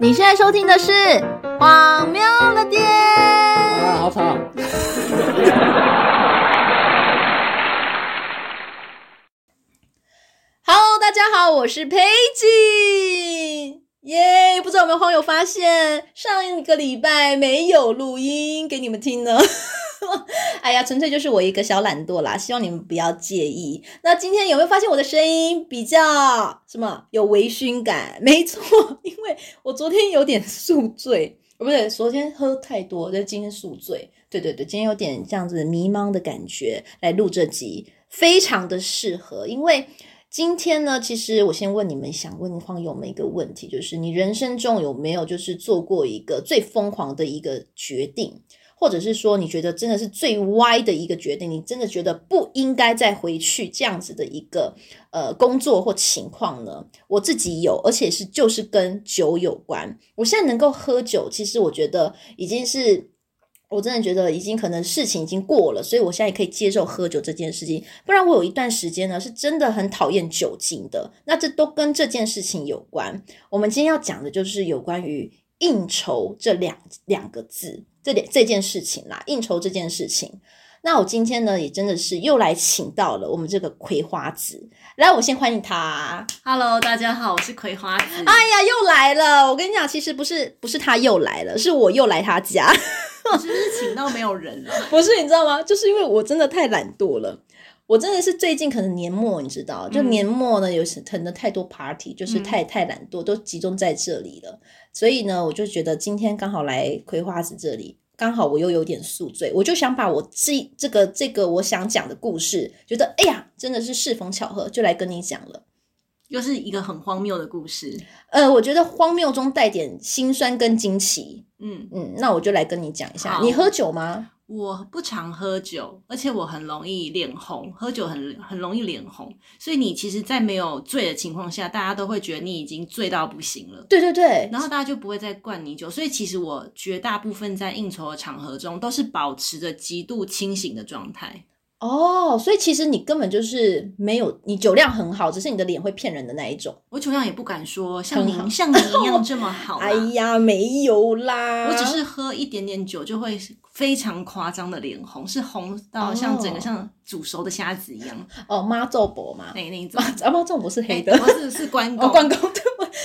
你現在收聽的是《荒謬的店》。啊，好吵 ！Hello，大家好，我是佩吉，耶、yeah！不知道有沒有朋友發現，上一個禮拜沒有錄音給你們聽呢？ 哎呀，純粹就是我一個小懶惰啦，希望你們不要介意。那今天有沒有發現我的聲音比較什麼有微醺感？沒錯，因為我昨天有點宿醉，不對，昨天喝太多，但今天宿醉。對對對，今天有點這樣子迷茫的感覺，來錄這集非常的適合。因為今天呢，其實我先問你們，想問朋友們一個問題，就是你人生中有沒有就是做過一個最瘋狂的一個決定？或者是說，你覺得真的是最歪的一個決定，你真的覺得不應該再回去這樣子的一個呃工作，或情況呢？我自己有，而且是就是跟酒有關。我現在能夠喝酒，其實我覺得已經是，我真的覺得已經可能事情已經過了，所以我現在也可以接受喝酒這件事情。不然我有一段時間呢是真的很討厭酒精的。那這都跟這件事情有關。我們今天要講的就是有關於。應酬這兩兩個字，這點這件事情啦，應酬這件事情，那我今天呢也真的是又來請到了我們這個葵花子，來我先歡迎他。Hello，大家好，我是葵花子。哎呀，又來了！我跟你講，其實不是，不是他又來了，是我又來他家。 是不是請到沒有人了啊？ 不是，你知道嗎？就是因為我真的太懶惰了。我真的是最近可能年末，你知道，嗯、就年末呢，有時騰的太多 party、嗯、就是太太懶惰，都集中在這裡了。嗯、所以呢，我就覺得今天剛好來葵花子這裡，剛好我又有點宿醉，我就想把我這這個這個我想講的故事，覺得哎呀，真的是適逢巧合，就來跟你講了。又是一個很荒謬的故事。呃，我覺得荒謬中帶點心酸跟驚奇。嗯嗯，那我就來跟你講一下。好你喝酒嗎？我不常喝酒，而且我很容易臉紅，喝酒很很容易臉紅，所以你其實，在沒有醉的情況下，大家都會覺得你已經醉到不行了。對對對，然後大家就不會再灌你酒，所以其實我絕大部分在應酬的場合中，都是保持着極度清醒的狀態。哦，oh, 所以其實你根本就是沒有，你酒量很好，只是你的臉會騙人的那一種。我酒量也不敢說像您好像您一樣這麼好。 哎呀，沒有啦，我只是喝一點點酒就會非常誇張的臉紅，是紅到像整個像煮熟的蝦子一樣。哦、oh. oh,，媽祖婆嘛，那那一種，啊媽祖婆是黑的，我是，是是關公，oh, 關公的。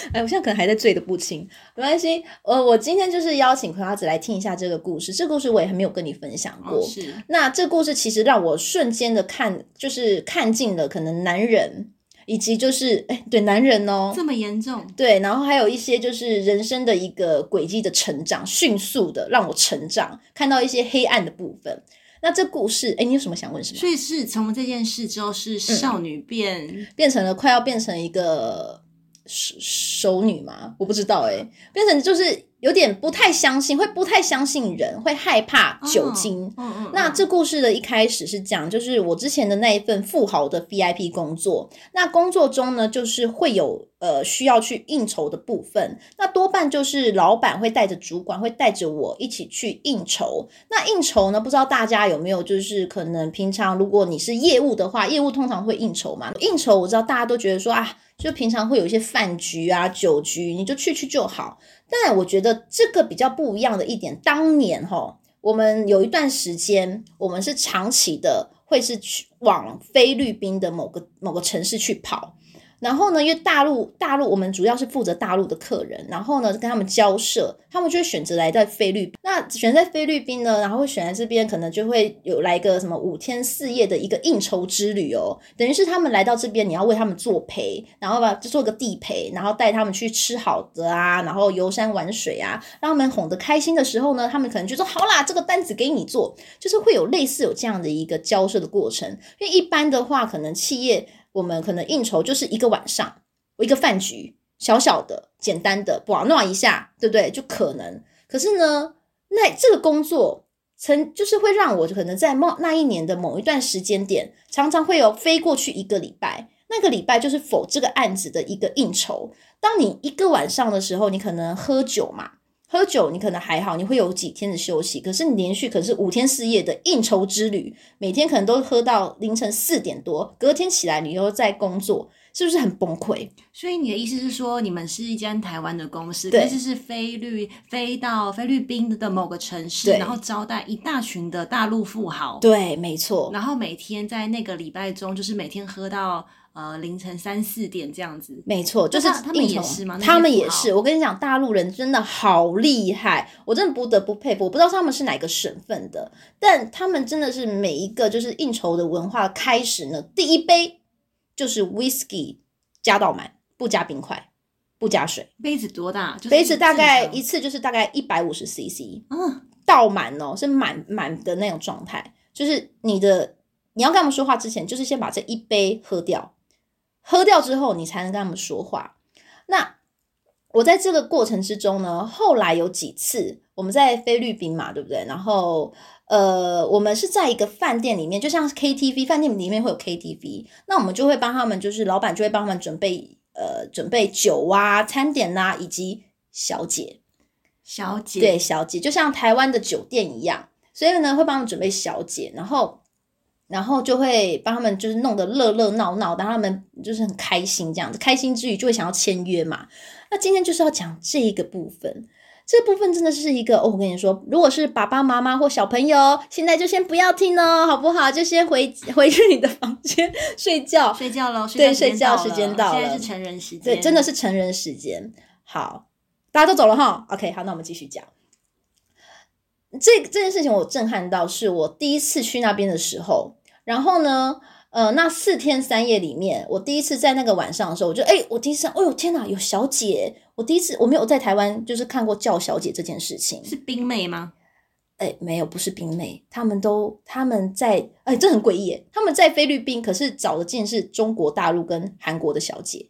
哎、欸，我現在可能還在醉的不輕，沒關係。呃，我今天就是邀請葵花子來聽一下這個故事，這故事我也還沒有跟你分享過。哦、是，那這故事其實讓我瞬間的看，就是看盡了可能男人，以及就是哎、欸，對男人哦、喔，這麼嚴重，對，然後還有一些就是人生的一個軌跡的成長，迅速的讓我成長，看到一些黑暗的部分。那這故事，哎、欸，你有什麼想問什麼？所以是從這件事之後，是少女變、嗯、變成了快要變成一個。熟熟女嗎？我不知道哎、欸，變成就是有點不太相信，會不太相信人，會害怕酒精。嗯嗯、哦。那這故事的一開始是講，就是我之前的那一份富豪的 VIP 工作，那工作中呢，就是會有呃需要去應酬的部分，那多半就是老闆會帶着主管，會帶着我一起去應酬。那應酬呢，不知道大家有沒有，就是可能平常如果你是業務的話，業務通常會應酬嘛。應酬我知道大家都覺得說啊。就平常會有一些飯局啊、酒局，你就去去就好。但我覺得這個比較不一樣的一點，當年哈，我們有一段時間，我們是長期的，會是去往菲律賓的某個某個城市去跑。然後呢，因為大陸大陸我們主要是負責大陸的客人，然後呢跟他們交涉，他們就會選擇來在菲律賓。那選在菲律賓呢，然後會選在這邊，可能就會有來個什麼五天四夜的一個應酬之旅哦。等於是他們來到這邊，你要為他們做陪，然後吧就做個地陪，然後帶他們去吃好的啊，然後遊山玩水啊，讓他們哄得開心的時候呢，他們可能就說好啦，這個單子給你做，就是會有類似有這樣的一個交涉的過程。因為一般的話，可能企業。我們可能應酬就是一個晚上，我一個飯局，小小的、簡單的，玩鬧一下，對不對？就可能。可是呢，那這個工作曾就是會讓我可能在某那一年的某一段時間點，常常會有飛過去一個禮拜。那個禮拜就是 for 這個案子的一個應酬。當你一個晚上的時候，你可能喝酒嘛？喝酒你可能還好，你會有幾天的休息。可是你連續可是五天四夜的應酬之旅，每天可能都喝到凌晨四點多，隔天起來你又在工作，是不是很崩潰？所以你的意思是說，你們是一間台灣的公司，但對是是菲律飛到菲律賓的某個城市，對然後招待一大群的大陸富豪。對，沒錯。然後每天在那個禮拜中，就是每天喝到。呃，凌晨三四點這樣子，沒錯，他就是應酬，他們也是嗎？他們也是。我跟你講，大陸人真的好厲害，我真的不得不佩服。我不知道他們是哪個省份的，但他們真的是每一個就是應酬的文化開始呢，第一杯就是 whisky 加到滿，不加冰塊，不加水。杯子多大？就是，杯子大概一次就是大概一百五十 cc。嗯，倒滿哦，是滿滿的那種狀態。就是你的你要跟他們說話之前，就是先把這一杯喝掉。喝掉之後，你才能跟他們說話。那我在這個過程之中呢，後來有幾次我們在菲律賓嘛，對不對？然後呃，我們是在一個飯店裡面，就像 KTV 飯店裡面會有 KTV，那我們就會幫他們，就是老板就會幫他們準備呃，準備酒啊、餐點呐、啊，以及小姐，小姐對小姐，就像台灣的酒店一樣，所以呢會幫他們準備小姐，然後。然後就會幫他們，就是弄得熱熱鬧鬧，當他們就是很開心，這樣子開心之餘就會想要簽約嘛。那今天就是要講這個部分，這部分真的是一個哦。我跟你說，如果是爸爸媽媽或小朋友，現在就先不要聽哦，好不好？就先回回去你的房間睡覺，睡覺嘍。睡覺了對，睡覺時間到了，現在是成人時間。對，真的是成人時間。好，大家都走了哈。OK，好，那我們繼續講。這這件事情我震撼到，是我第一次去那邊的時候。然後呢，呃，那四天三夜裡面，我第一次在那個晚上的時候，我就哎、欸，我第一次，哦、哎、呦，天哪，有小姐！我第一次我沒有在台灣就是看過叫小姐這件事情，是冰妹嗎？哎、欸，沒有，不是冰妹，他們都他們在哎、欸，這很詭異，他們在菲律賓，可是找的竟是中國大陸跟韓國的小姐，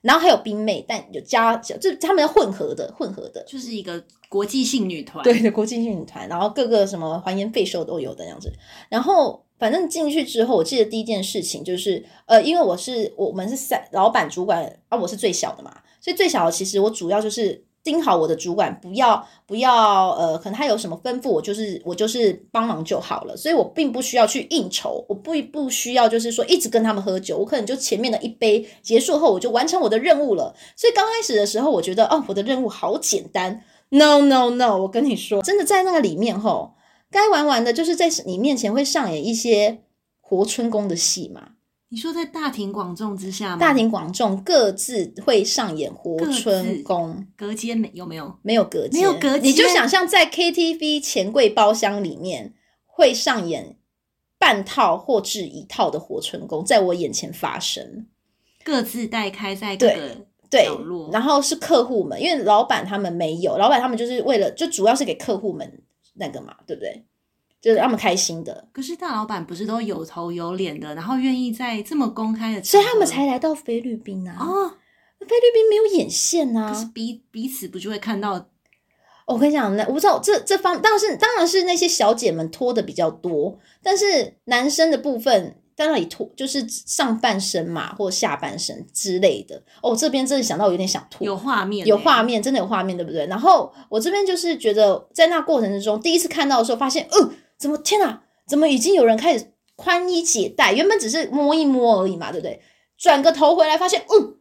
然後還有冰妹，但有加就這他們要混合的，混合的，就是一個國際性女團，對的，國際性女團，然後各個什麼還原費收都有的樣子，然後。反正進去之後，我記得第一件事情就是，呃，因為我是我們是三老板主管啊、呃，我是最小的嘛，所以最小的其實我主要就是盯好我的主管，不要不要，呃，可能他有什麼吩咐我、就是，我就是我就是幫忙就好了，所以我並不需要去應酬，我不不需要就是說一直跟他們喝酒，我可能就前面的一杯結束後，我就完成我的任務了。所以剛開始的時候，我覺得哦、呃，我的任務好簡單。No No No，我跟你說，真的在那個裡面吼。吼該玩玩的，就是在你面前會上演一些活春宮的戲嘛。你說在大庭廣眾之下嗎？大庭廣眾各自會上演活春宮。隔間有沒有？沒有沒有隔間，沒有隔間。你就想象在 KTV 錢櫃包廂裡面會上演半套或至一套的活春宮，在我眼前發生，各自帶開在各個角落。對對，然後是客戶們，因為老闆他們沒有，老闆他們就是為了，就主要是給客戶們。那個嘛，對不對？就是他們開心的。可是大老板不是都有頭有臉的，然後願意在這麼公開的，所以他們才來到菲律賓啊。哦，菲律賓沒有眼線啊，可是彼彼此不就會看到？哦，我跟你講，那我不知道這這方，當然是當然是那些小姐們脫的比較多，但是男生的部分。在那裡脫，就是上半身嘛，或下半身之類的。哦，這邊真的想到我有點想吐，有畫面，有畫面，真的有畫面，對不對？然後我這邊就是覺得，在那過程之中，第一次看到的時候，發現，嗯、呃，怎麼天哪？怎麼已經有人開始寬衣解帶？原本只是摸一摸而已嘛，對不對？轉個頭回來，發現，嗯，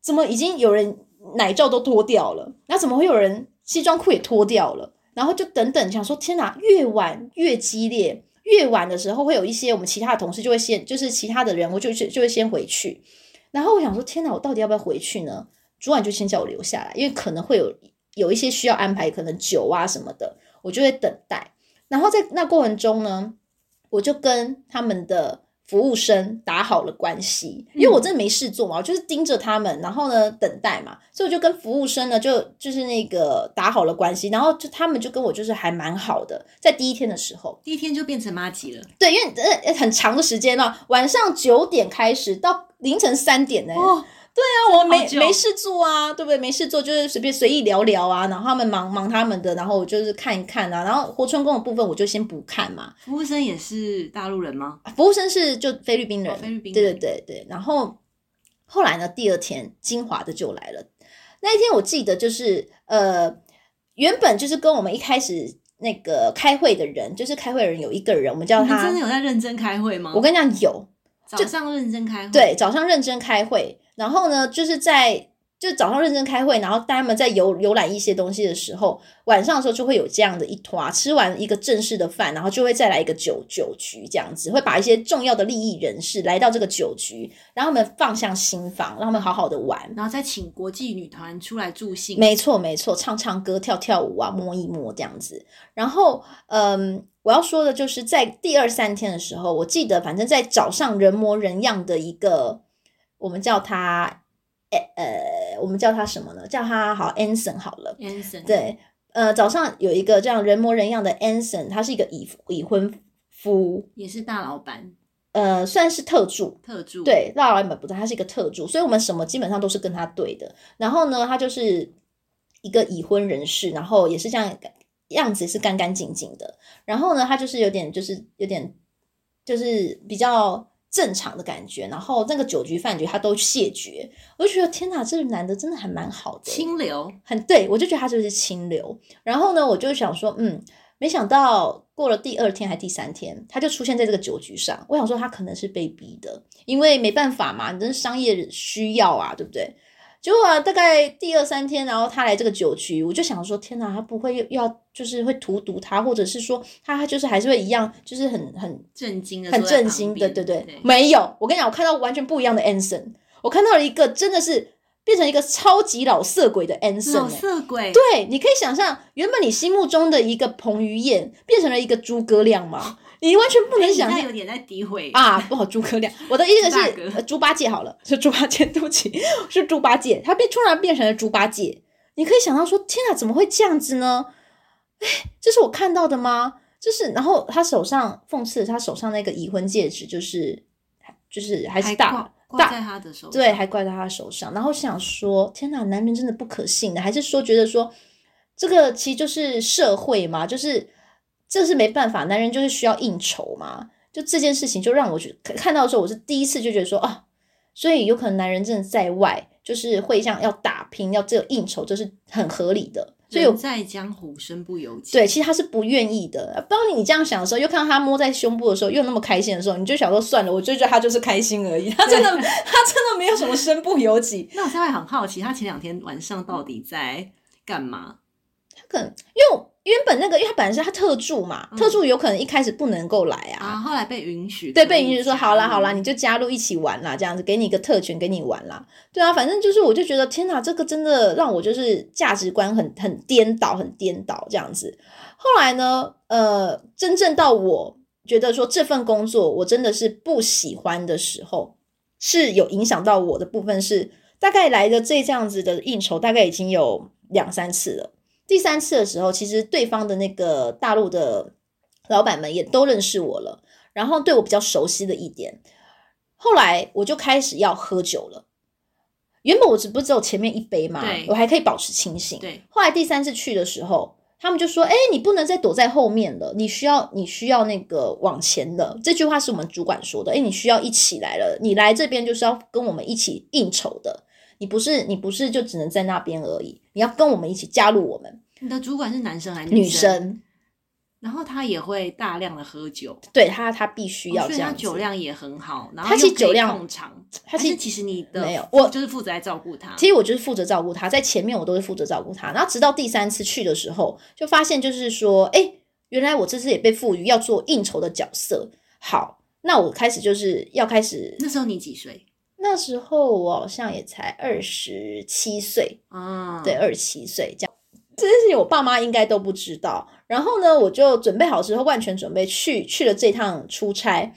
怎麼已經有人奶罩都脫掉了？那怎麼會有人西裝褲也脫掉了？然後就等等，想說，天哪，越晚越激烈。越晚的時候，會有一些我們其他的同事就會先，就是其他的人，我就就就會先回去。然後我想說，天哪，我到底要不要回去呢？主管就先叫我留下來，因為可能會有有一些需要安排，可能酒啊什麼的，我就會等待。然後在那過程中呢，我就跟他們的。服務生打好了關係，因為我真的沒事做嘛，嗯、我就是盯着他們，然後呢等待嘛，所以我就跟服務生呢就就是那個打好了關係，然後就他們就跟我就是還蠻好的，在第一天的時候，第一天就變成麻吉了，對，因為呃很長的時間嘛，晚上九點開始到凌晨三點呢、欸。哦對啊，我沒沒事做啊，對不對？沒事做就是隨便隨意聊聊啊，然後他們忙忙他們的，然後就是看一看啊，然後活春宮的部分我就先不看嘛。服務生也是大陸人嗎？服務生是就菲律賓人、哦，菲律賓。對對對對，然後後來呢，第二天精華的就來了。那一天我記得就是呃，原本就是跟我們一開始那個開會的人，就是開會的人有一個人，我們叫他，你們真的有在認真開會嗎？我跟你講有。就早上認真開會，對，早上認真開會，然後呢，就是在就早上認真開會，然後大家們在遊遊覽一些東西的時候，晚上的時候就會有這樣的一團，吃完一個正式的飯，然後就會再來一個酒酒局，這樣子會把一些重要的利益人士來到這個酒局，然後他們放下心防，讓他們好好的玩，然後再請國際女團出來助興，沒錯沒錯，唱唱歌，跳跳舞啊，摸一摸這樣子，然後嗯。我要說的就是在第二三天的時候，我記得，反正在早上人模人樣的一個，我們叫他，呃、欸欸，我們叫他什麼呢？叫他好 Anson 好了，Anson 對，呃，早上有一個這樣人模人樣的 Anson，他是一個已已婚夫，也是大老闆，呃，算是特助，特助對，大老闆不對，他是一個特助，所以我們什麼基本上都是跟他對的。然後呢，他就是一個已婚人士，然後也是這樣。樣子是乾乾淨淨的，然後呢，他就是有點，就是有點，就是比較正常的感覺。然後那個酒局飯局他都謝絕，我就覺得天哪，這個男的真的還蠻好的，清流，很對，我就覺得他就是，是清流。然後呢，我就想說，嗯，沒想到過了第二天還第三天，他就出現在這個酒局上。我想說他可能是被逼的，因為沒辦法嘛，你這是商業需要啊，對不對？結果、啊、大概第二三天，然後他來這個酒局，我就想說：天哪，他不會又要就是會荼毒他，或者是說他就是還是會一樣，就是很很震驚很震驚，對對對，沒有。我跟你講，我看到完全不一樣的 Anson，我看到了一個真的是變成一個超級老色鬼的 Anson，、欸、老色鬼。對，你可以想象，原本你心目中的一個彭於晏，變成了一個諸葛亮嗎？你完全不能想，欸、有點在詆毀啊！不好豬哥，豬哥亮，我的意思是哥豬八戒好了，是豬八戒，對不起，是豬八戒，他變突然變成了豬八戒。你可以想到說，天哪、啊，怎麼會這樣子呢？這是我看到的嗎？就是，然後他手上諷刺他手上那個已婚戒指，就是就是還是大大。掛在他的手，對，還掛在他手上。然後想說，天哪、啊，男人真的不可信的，還是說覺得說這個其實就是社會嘛，就是。這是沒辦法，男人就是需要應酬嘛。就這件事情，就讓我去看到的時候，我是第一次就覺得說啊，所以有可能男人真的在外就是會像要打拼，要這個應酬，這、就是很合理的。所以我在江湖身不由己。對，其實他是不願意的。當你這樣想的時候，又看到他摸在胸部的時候，又那麼開心的時候，你就想說算了，我就覺得他就是開心而已。他真的，對他真的沒有什麼身不由己。那我現在很好奇，他前兩天晚上到底在幹嘛？他可能又。因為，原本那個，因為他本來是他特助嘛，嗯、特助有可能一開始不能夠來啊，啊，後來被允許，對，被允許說好啦好啦，你就加入一起玩啦，這樣子，給你一個特權，給你玩啦，對啊，反正就是，我就覺得天哪、啊，這個真的讓我就是價值觀很很顛倒，很顛倒這樣子。後來呢，呃，真正到我覺得說這份工作我真的是不喜歡的時候，是有影響到我的部分是，大概來的這這樣子的應酬，大概已經有兩三次了。第三次的時候，其實對方的那個大陸的老闆們也都認識我了，然後對我比較熟悉的一點。後來我就開始要喝酒了。原本我只不只有前面一杯嘛，對我還可以保持清醒。對，後來第三次去的時候，他們就說：“哎對，你不能再躲在後面了，你需要你需要那個往前的。”這句話是我們主管說的：“哎，你需要一起來了，你來這邊就是要跟我們一起應酬的。”你不是你不是就只能在那邊而已，你要跟我們一起加入我們。你的主管是男生還是女生？女生。然後他也會大量的喝酒，對，他他必須要這樣，哦、他酒量也很好。然後他其實酒量可以控場，他其實其實你的沒有，我就是負責來照顧他。其實我就是負責照顧他，在前面我都是負責照顧他，然後直到第三次去的時候，就發現就是說，哎、欸，原來我這次也被賦予要做應酬的角色。好，那我開始就是要開始。那時候你幾歲？那時候我好像也才二十七歲啊，對，二十七歲，這樣，這件事情我爸媽應該都不知道。然後呢，我就準備好之後，萬全準備去去了這趟出差。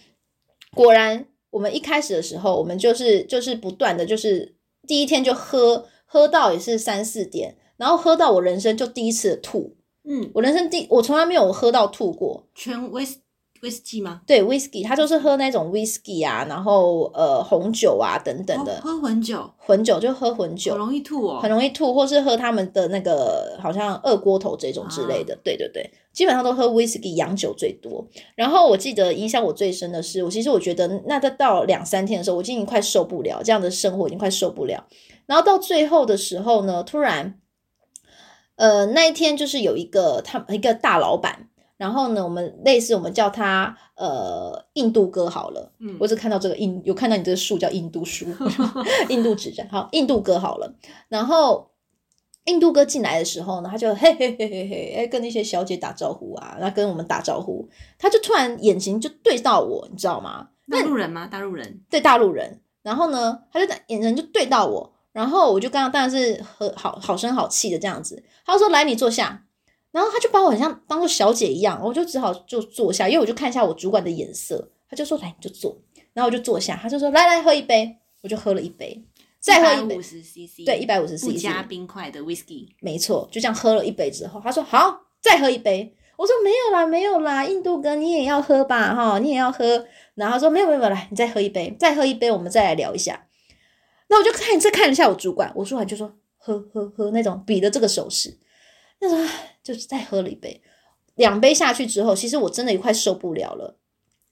果然我們一開始的時候，我們就是就是不斷的，就是第一天就喝喝到也是三四點，然後喝到我人生就第一次的吐，嗯，我人生第，我從來沒有喝到吐過，全威士。Whisky 嗎？對，Whisky，他就是喝那種 Whisky 啊，然後呃，紅酒啊等等的，喝混酒，混酒就喝混酒，很容易吐哦，很容易吐，或是喝他們的那個好像二鍋頭這種之類的，啊、對對對，基本上都喝 Whisky 洋酒最多。然後我記得影響我最深的是，我其實我覺得那到兩三天的時候，我已經快受不了這樣的生活，已經快受不了。然後到最後的時候呢，突然，呃，那一天就是有一個他們一個大老闆。然後呢，我們類似我們叫他呃印度哥好了，嗯、我只看到這個印，有看到你這個樹叫印度書 印度紙張，好，印度哥好了。然後印度哥進來的時候呢，他就嘿嘿嘿嘿嘿，跟那些小姐打招呼啊，然後跟我們打招呼，他就突然眼睛就對到我，你知道嗎？大陸人嗎？大陸人，對，大陸人。然後呢，他就眼神就對到我，然後我就剛剛當然是很好好聲好氣的這樣子，他說，來，你坐下。然後他就把我像當做小姐一樣，我就只好就坐下，因為我就看一下我主管的眼色。他就說：“來，你就坐。”然後我就坐下，他就說：“來來，喝一杯。”我就喝了一杯，再喝一杯，一百五十 CC，對，一百五十 CC 不加冰塊的 whisky，沒錯。就這樣喝了一杯之後，他說：“好，再喝一杯。”我說：“沒有啦，沒有啦，印度哥，你也要喝吧？哈、哦，你也要喝。”然後他說：“沒有，沒有，來，你再喝一杯，再喝一杯，我們再來聊一下。”那我就看，再看一下我主管，我說完就說：“喝喝喝，那種比的這個手勢。”那時候就是就是再喝了一杯，兩杯下去之後，其實我真的也快受不了了，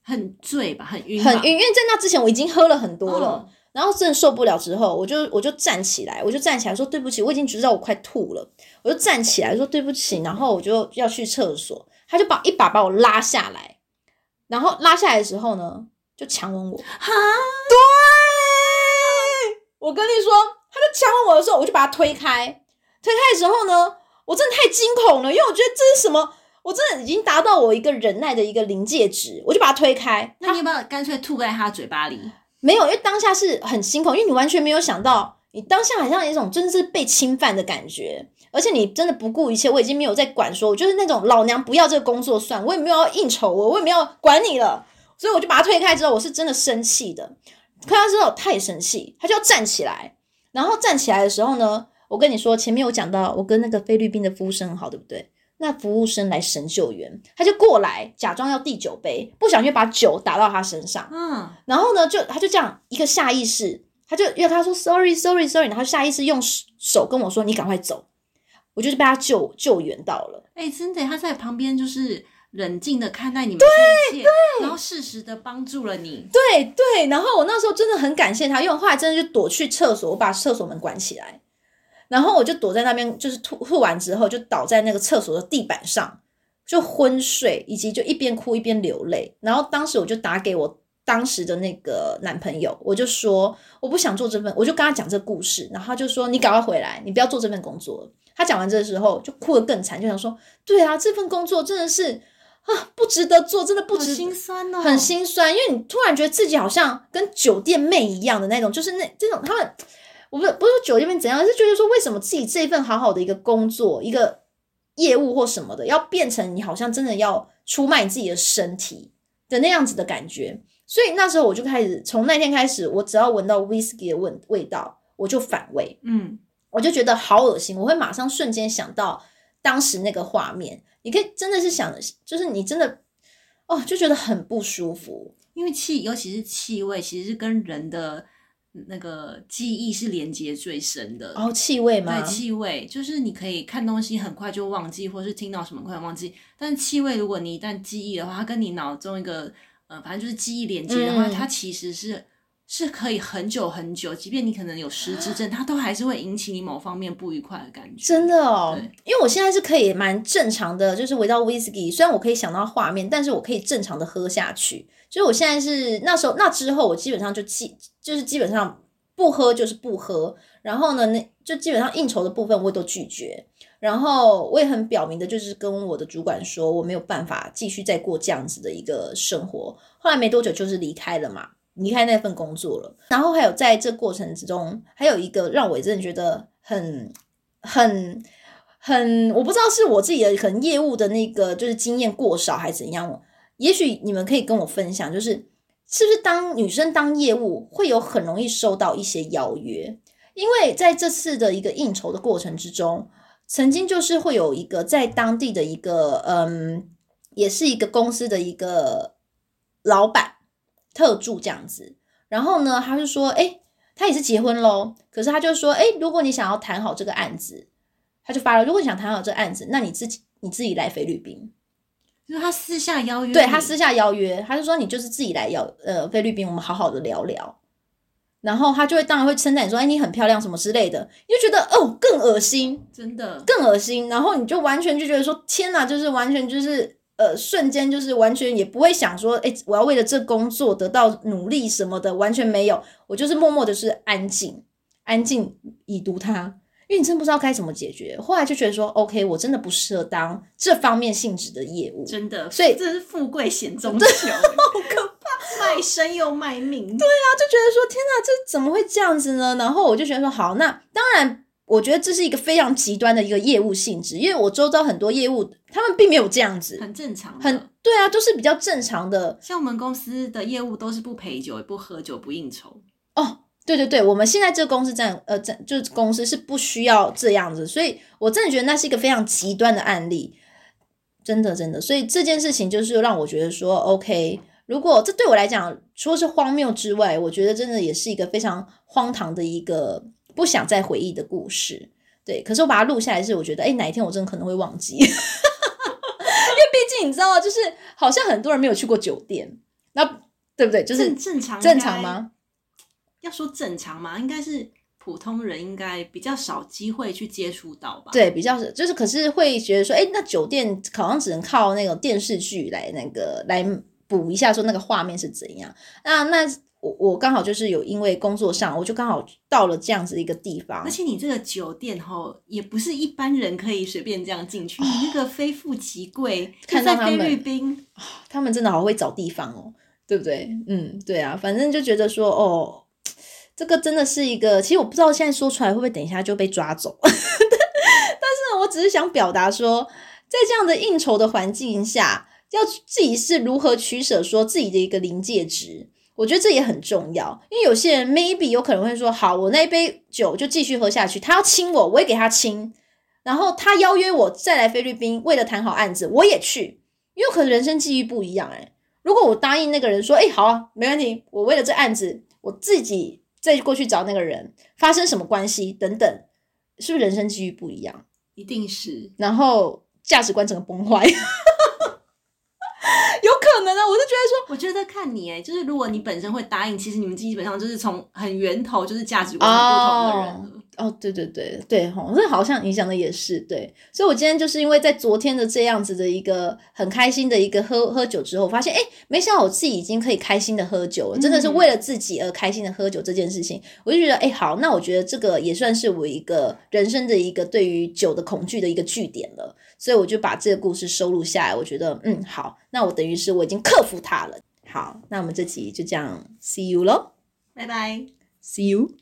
很醉吧，很暈，很暈。因為在那之前我已經喝了很多了，oh. 然後真的受不了之後，我就我就站起來，我就站起來說對不起，我已經知道我快吐了，我就站起來說對不起，然後我就要去廁所，他就把一把把我拉下來，然後拉下來的時候呢，就強吻我。啊，Huh? 對，uh, 我跟你說，他就強吻我的時候，我就把他推開，推開的時候呢。我真的太驚恐了，因為我覺得這是什麼？我真的已經達到我一個忍耐的一個臨界值，我就把它推開。那你有沒有乾脆吐在他的嘴巴裡？沒有，因為當下是很驚恐，因為你完全沒有想到，你當下好像有一種真的是被侵犯的感覺，而且你真的不顧一切。我已經沒有在管說，我就是那種老娘不要這個工作算，我也沒有要應酬，我我也沒有要管你了。所以我就把它推開之後，我是真的生氣的。可他知道我太生氣，他就要站起來，然後站起來的時候呢？我跟你說，前面我講到，我跟那個菲律賓的服務生很好，對不對？那服務生來神救援，他就過來假裝要遞酒杯，不小心把酒打到他身上。嗯，然後呢，就他就這樣一個下意識，他就因為他說 sorry sorry sorry，然後下意識用手跟我說：“你趕快走。”我就是被他救救援到了。哎、欸，真的，他在旁邊就是冷靜的看待你們這一切，然後適時的幫助了你。對對，然後我那時候真的很感謝他，因為後來真的就躲去廁所，我把廁所門關起來。然後我就躲在那邊，就是吐，吐完之後就倒在那個廁所的地板上，就昏睡，以及就一邊哭一邊流淚。然後當時我就打給我當時的那個男朋友，我就說我不想做這份，我就跟他講這故事。然後他就說你趕快回來，你不要做這份工作。他講完這個時候就哭得更慘，就想說對啊，這份工作真的是啊不值得做，真的不值得，好心酸哦，很心酸，因為你突然覺得自己好像跟酒店妹一樣的那種，就是那這種他們。我不，不是說酒店邊怎樣，而是就是說，為什麼自己這一份好好的一個工作、一個業務或什麼的，要變成你好像真的要出賣你自己的身體的那樣子的感覺？所以那時候我就開始，從那天開始，我只要聞到 w 士 i s k 的味味道，我就反胃，嗯，我就覺得好惡心，我會馬上瞬間想到當時那個畫面，你可以真的是想，就是你真的哦，就覺得很不舒服，因為氣，尤其是氣味，其實是跟人的。那個記憶是連接最深的哦，氣、oh, 氣味嗎？對，氣味就是你可以看東西很快就忘記，或是聽到什麼快就忘記。但氣味，如果你一旦記憶的話，它跟你腦中一個呃，反正就是記憶連接的話，嗯、它其實是是可以很久很久。即便你可能有失智症，它都還是會引起你某方面不愉快的感覺。真的哦，對因為我現在是可以蠻正常的，就是圍繞 whisky，雖然我可以想到畫面，但是我可以正常的喝下去。所以我現在是那時候那之後，我基本上就記。就是基本上不喝就是不喝，然後呢，那就基本上應酬的部分我都拒絕，然後我也很表明的就是跟我的主管說，我沒有辦法繼續再過這樣子的一個生活。後來沒多久就是離開了嘛，離開那份工作了。然後還有在這過程之中，還有一個讓我也真的覺得很很很，我不知道是我自己的可能業務的那個就是經驗過少還是怎樣，也許你們可以跟我分享，就是。是不是當女生當業務會有很容易收到一些邀約？因為在這次的一個應酬的過程之中，曾經就是會有一個在當地的一個嗯，也是一個公司的一個老闆特助這樣子。然後呢，他就說，哎、欸，他也是結婚嘍。可是他就說，哎、欸，如果你想要談好這個案子，他就發了。如果你想談好這個案子，那你自己你自己來菲律賓。因為他私下邀約，對他私下邀約，他就說你就是自己來邀，呃，菲律賓，我們好好的聊聊。然後他就會當然會稱讚你說，哎、欸，你很漂亮什麼之類的，你就覺得哦更噁心，真的更噁心。然後你就完全就覺得說，天哪、啊，就是完全就是呃，瞬間就是完全也不會想說，哎、欸，我要為了這工作得到努力什麼的，完全沒有，我就是默默的是安靜，安靜已讀他。因為你真不知道該怎麼解決，後來就覺得說，OK，我真的不適合當這方面性質的業務，真的。所以這是富貴險中求， 好可怕，賣身又賣命。對啊，就覺得說，天哪、啊，這怎麼會這樣子呢？然後我就覺得說，好，那當然，我覺得這是一個非常極端的一個業務性質，因為我周遭很多業務，他們並沒有這樣子，很正常的。很對啊，都、就是比較正常的。像我們公司的業務都是不陪酒、不喝酒、不應酬哦。Oh, 對對對，我們現在這個公司在呃，這就是公司是不需要這樣子，所以我真的覺得那是一個非常極端的案例，真的真的。所以這件事情就是讓我覺得說，OK，如果這對我來講除了是荒謬之外，我覺得真的也是一個非常荒唐的一個不想再回憶的故事。對，可是我把它錄下來是，我覺得哎，哪一天我真的可能會忘記， 因為畢竟你知道，就是好像很多人沒有去過酒店，那對不對？就是正常正常嗎？要說正常嘛，應該是普通人應該比較少機會去接觸到吧。對，比較是就是，可是會覺得說，誒、欸，那酒店好像只能靠那個電視劇來那個來補一下，說那個畫面是怎樣。那那我我剛好就是有因為工作上，我就剛好到了這樣子一個地方。而且你這個酒店吼、哦、也不是一般人可以隨便這樣進去，你那個非富即貴。看到菲律賓，他們真的好會找地方哦，對不對？嗯，嗯，對啊，反正就覺得說哦。這個真的是一個，其實我不知道現在說出來會不會等一下就被抓走。呵呵，但是，我只是想表達說，在這樣的應酬的環境下，要自己是如何取舍，說自己的一個臨界值，我覺得這也很重要。因為有些人 maybe 有可能會說，好，我那一杯酒就繼續喝下去。他要親我，我也給他親。然後他邀約我再來菲律賓，為了談好案子，我也去。因為可能人生際遇不一樣，欸。誒如果我答應那個人說，哎，欸，好啊，沒問題，我為了這案子，我自己。再過去找那個人發生什麼關係等等，是不是人生機遇不一樣？一定是，然後價值觀整個崩壞， 有可能啊！我就覺得說，我覺得看你哎，欸，就是如果你本身會答應，其實你們基本上就是從很源頭就是價值觀不同的人。Oh. 哦，對、oh, 對對對，吼，好像影響的也是對，所以，我今天就是因為在昨天的這樣子的一個很開心的一個喝喝酒之後，發現，哎，沒想到我自己已經可以開心的喝酒了，真的是為了自己而開心的喝酒這件事情，嗯、我就覺得，哎，好，那我覺得這個也算是我一個人生的一個對於酒的恐懼的一個據點了，所以我就把這個故事收錄下來，我覺得，嗯，好，那我等於是我已經克服它了，好，那我們這集就這樣，see you 嘍，拜拜 Bye bye.，see you。